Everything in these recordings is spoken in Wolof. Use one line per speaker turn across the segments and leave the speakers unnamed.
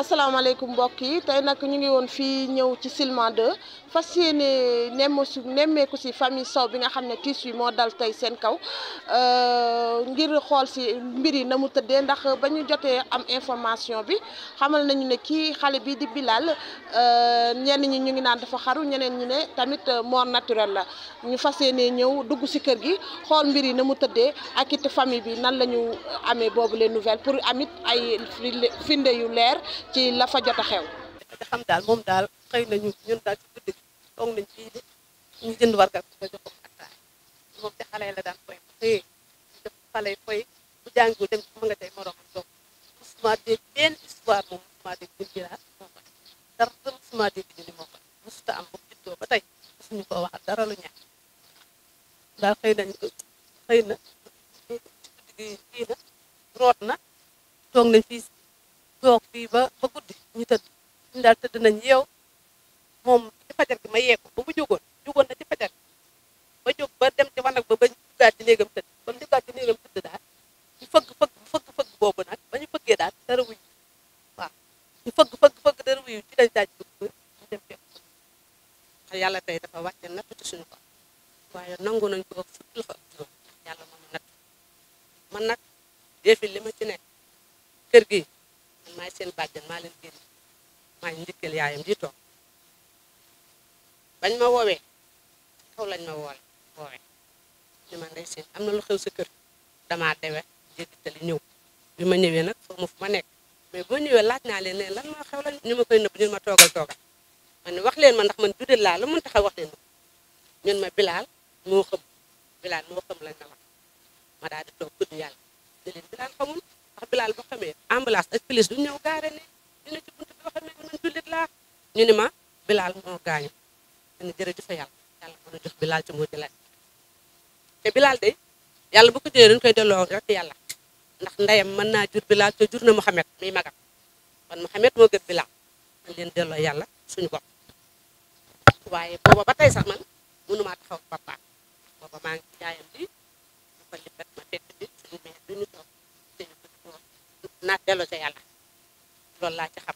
asalaamaaleykum mbokk yi tey nag ñu ngi woon fii ñëw ci Silema 2 fas yéene nemmeeku nemmeeku si famille Sow bi nga xam ne tiis wi moo dal tey seen kaw euh, ngir xool si mbir yi na mu tëddee ndax ba ñu jotee am information bi xamal nañu ne kii xale bi di Bilal euh, ñenn ñi ñu ngi naan dafa xaru ñeneen ñi ne tamit mort naturelle la ñu fas yéene ñëw dugg si kër gi xool mbir yi na mu tëddee ak it famille bi nan la amee boobu leen nouvelle pour amit ay firnde yu leer. ci la jot a xew. te xam daal moom daal xëy na ñun ñun daal ci guddi toog nañ fii de ñu jënd warga ko moom te la daan koy xëyee def xale bu jàngul dem ma nga tey histoire moom musuma dégg buñ jëlaat moo koy ba tey suñu ko waxal dara lu ñaaw daal xëy nañ ko xëy na ci guddi gi fii na root na toog nañ fii toog fii ba daal na nañ yeew moom ci fajar gi ma yeko ko ba mu jógoon jógoon na ci fajar ba jóg ba dem ci wanag ba ba duggaat ci néegam tëdd ba mu duggaat ci néegam tëdd daal ñu fëgg fëgg fëgg boobu nag ba ñu fëggee daal dara wuyu waaw ñu fëgg fëgg fëgg dara wuyu ci lañ daaj dugg ñu yàlla tey dafa wàcce natt ci suñu ko waaye nangu nañ ko ak fukk la fa juróom yàlla moom natt man nag defi li ma ci nekk kër gi ma maay seen bàjjan maa leen maa ngi njukkal yaayam di toog bañ ma woowee kaw lañ ma woole woowee ni ma ndey seen am na lu xew sa kër damaa dewe jéggitali ñëw bi ma ñëwee nag foo ma fu ma nekk mais boo ma laaj naa leen ne lan moo xew lañ ñu ma koy nëbb ñun ma toogal toogal man ne wax leen ma ndax man judel laa lu mun taxaw wax leen ñun ma bilaal moo xam bilaal moo xam lañ ma wax ma daal di toog tudd yàlla ne leen bilaal xamul wax bilaal boo xamee ambulance ak du ñëw gaare ne dina ci buntu boo xamee man jullit laa ñu ni ma bilaal moo gaañu ne jërëjëf yàlla yàlla mën a jox bilaal ci mujj la te bilaal de yàlla bu ko jëlee dañ koy delloo rek yàlla ndax ndeyam mën naa jur bilaal te jur na Mouhamed magam kon Mouhamed moo gën bilaal man leen delloo yàlla suñu bopp waaye booba ba sax man mënumaa taxaw papa booba maa ngi jaayam li ñu ko lippet ma tekk bi ñu ci xam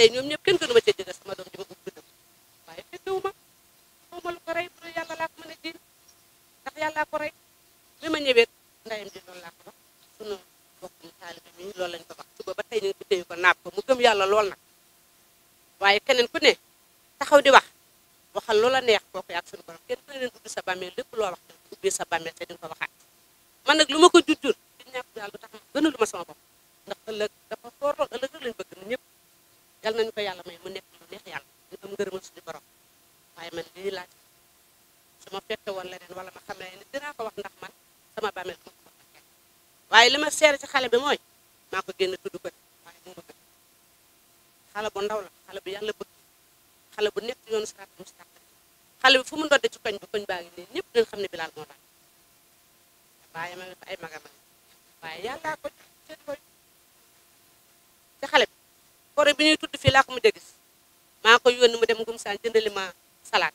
tey ñoom ñëpp kenn gënu ma cee jege sama doom ma ko gënal waaye fekkewu ma xaw ma lu ko yàlla a jiin ndax ma ñëwee ndeyam di loolu laa ko wax sunu loolu lañ ko wax ba tey ñu ngi ko téye ko mu gëm yàlla lool nag keneen ku ne taxaw di wax waxal loola neex kooku ak suñu borom kenn ku ubbi sa bàmmeel lépp loo wax ubbi sa bàmmeel te di nga ko waxaat man nag lu ma ko jujjur di ñàkk daal lu tax ma gënaluma sama bopp ndax ëllëg dafa foor lool ëllëg rek lañ bëgg ñëpp yal nañu ko yàlla may mu nekk mu neex yàlla ñu am ngërëmal suñu borom waaye man lii laaj su ma fekke woon leneen wala ma xam leneen dinaa ko wax ndax man sama bàmmeel ma waaye li ma seere ci xale bi mooy maa ko génn tudd ko xale bu ndaw la xale bu yàlla bëgg xale bu nekk yoonu siraat mustaqim xale bi fu mu ndodde ci koñ bi koñ baa ngi nii ñëpp dañ xam ne bilaal moo daal bàyyi ma ay magama waaye yàllaa ko ci xale bi koré bi ñuy tudd fi laa ko mujj a gis ko yónni mu dem gum saa jëndali ma salat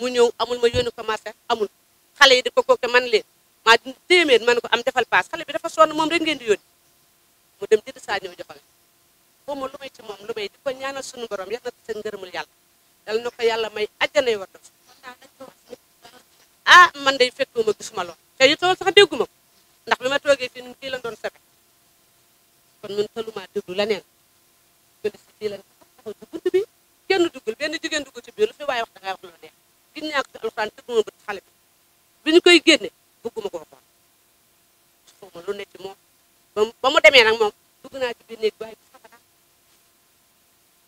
mu ñew amul ma yónni ko marché amul xalé yi di ko ke man leen ma téeméer man ko am defal pass xalé bi dafa son mom rek ngeen di yoon mu dem jënd sa ñew joxal mo lu may ci mom lu may di ko ñaanal suñu borom yal na sa ngërëmul yàlla dal nako yalla may aljana yi def ah man day fekkuma gisuma lo te yu tol sax degguma ndax bima toge fi fii ki la doon sebe kon mun taluma déglu leneen alxuraan xale bi bi ñu koy génne bëgguma koo xool xaw ma lu moom ba mu demee nag moom dugg naa ci biir néeg waaye bu fatara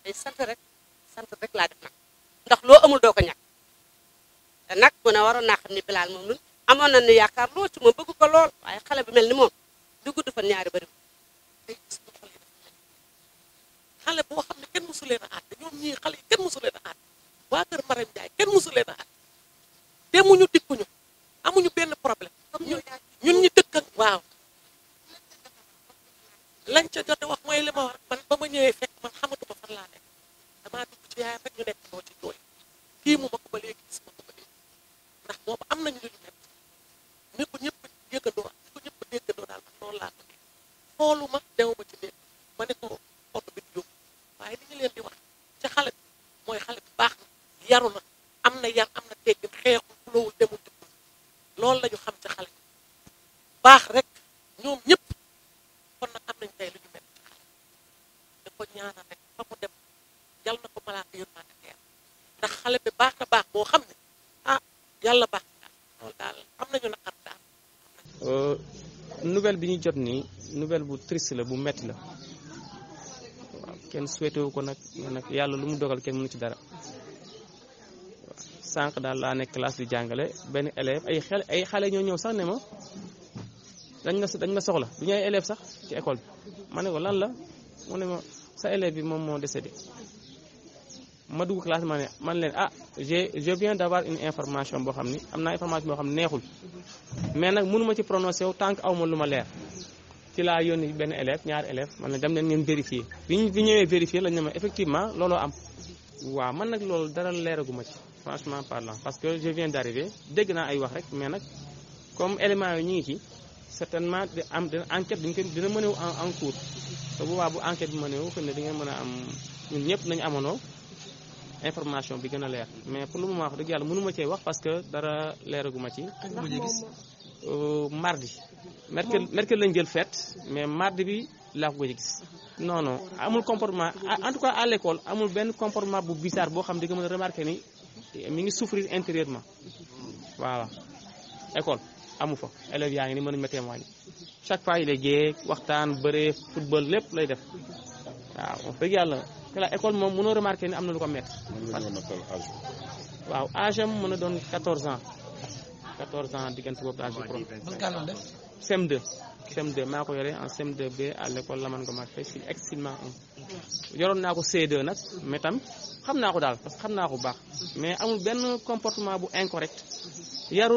day rek sant rek laa ndax loo amul doo ko ñàkk te nag mu ne waroon naa xam ni bilaal moom amoon na nu yaakaar lool ci moom bëgg ko lool waaye xale bi mel ni moom du gudd fan ñaari bëri xale boo xam ne kenn mosu leen a aat ñoom ñii xale yi kenn a aat demuñu dikkuñu amuñu benn problème comme ñun ñun ñu dëkk ak waaw lañ ca jot wax mooy li ma war man ba ma ñëwee fekk man xamatuma fan laa nekk damaa dugg ci yaayam rek ñu nekk moo ci jooy kii mu ma ko ba léegi gis ma ko ba léegi ndax moom am nañu lu ñu nekk ni ko ñëpp yëgandoo ni ko ñëpp déggandoo daal man loolu laa ko
boo xam ne ah yàlla baax na loolu daal am nañu naqar daal. Euh, nouvelle bi ñu jot nii nouvelle bu triste la bu metti la waaw kenn souhaité wu ko nag yàlla lu mu dogal kenn mënu ci dara waaw sànq daal laa nekk classe di jàngale benn élève ay xale ñoo ñëw sax ne ma dañ ma dañ ma soxla du ñu ay élève sax ci école bi ma ne ko lan la mu ne ma sa élève bi moom moo décédé. ma dugg classe mané man len ah j'ai je viens d'avoir une information bo xamni amna information bo xamni neexul mais nak mënuma ci prononcer wu tant que aw ma lu leer ci la yoni ben élève ñaar élève man ne dem leen ngeen vérifier bi bi ñëwé vérifier lañ ne ma effectivement lolo am wa man nak lolo dara leeraguma ci franchement parlant parce que je viens d'arriver dégg na ay wax rek mais nak comme élément yi ñi ci certainement de am de enquête dañ koy dina mënewu en en cours bu boobaa bu enquête bi wu fa na di ngeen mën am ñun ñëpp nañ amono information bi gëna a leer mais pour le moment wax dëgg yàlla mënu ma cee wax parce que dara leeraguma ci. Euh, mardi. mercredi mercredi lañ jël fête mais mardi bi laa ko gëj gis. non non amul comportement en tout cas à l'école amul benn comportement bu bizarre boo xam ne di mën a remarqué ni mi ngi souffrir intérieurement voilà école amu fa élèves yaa ngi ni mënuñ ma témoigner chaque fois il est gée waxtaan bëree football lépp lay def waaw wax dëgg yàlla. te la école moom mënoo remarqué ni am na lu ko métti. waaw âge am a doon 14 ans 14 ans diggante boobu âge bi. CM2 cm maa ko yore en CM2B à l'école Lamane Gomak Faye si excilement 1 yoroon naa ko c nag mais xam naa ko daal parce que xam naa ko bu baax mais amul benn comportement bu incorrect yaru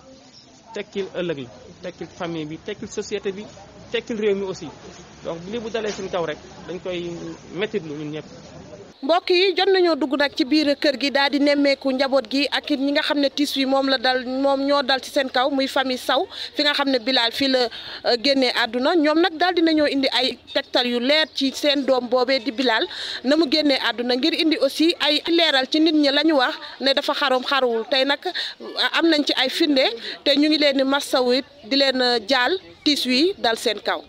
tekkil ëllëg la tekkil famille bi tekkil société bi tekkil réew mi aussi donc lii bu dalee seen kaw rek dañ koy métitlu ñun ñëpp
mbokk yi jot nañoo dugg nag ci biir kër gi daal di nemmeeku njaboot gi ak it ñi nga xam ne tiis wi moom la dal moom ñoo dal ci seen kaw muy famille saw fi nga xam ne Bilal fii la euh, génnee àdduna ñoom nag daal di nañoo indi ay tegtal yu leer ci seen doom boobee di Bilal na mu génnee àdduna ngir indi aussi ay leeral ci nit ñi la ñu wax ne dafa xaroom xaruwul tey nag euh, am nañ ci ay firnde te ñu ngi leen di massawit di leen euh, jaal tiis wi dal seen kaw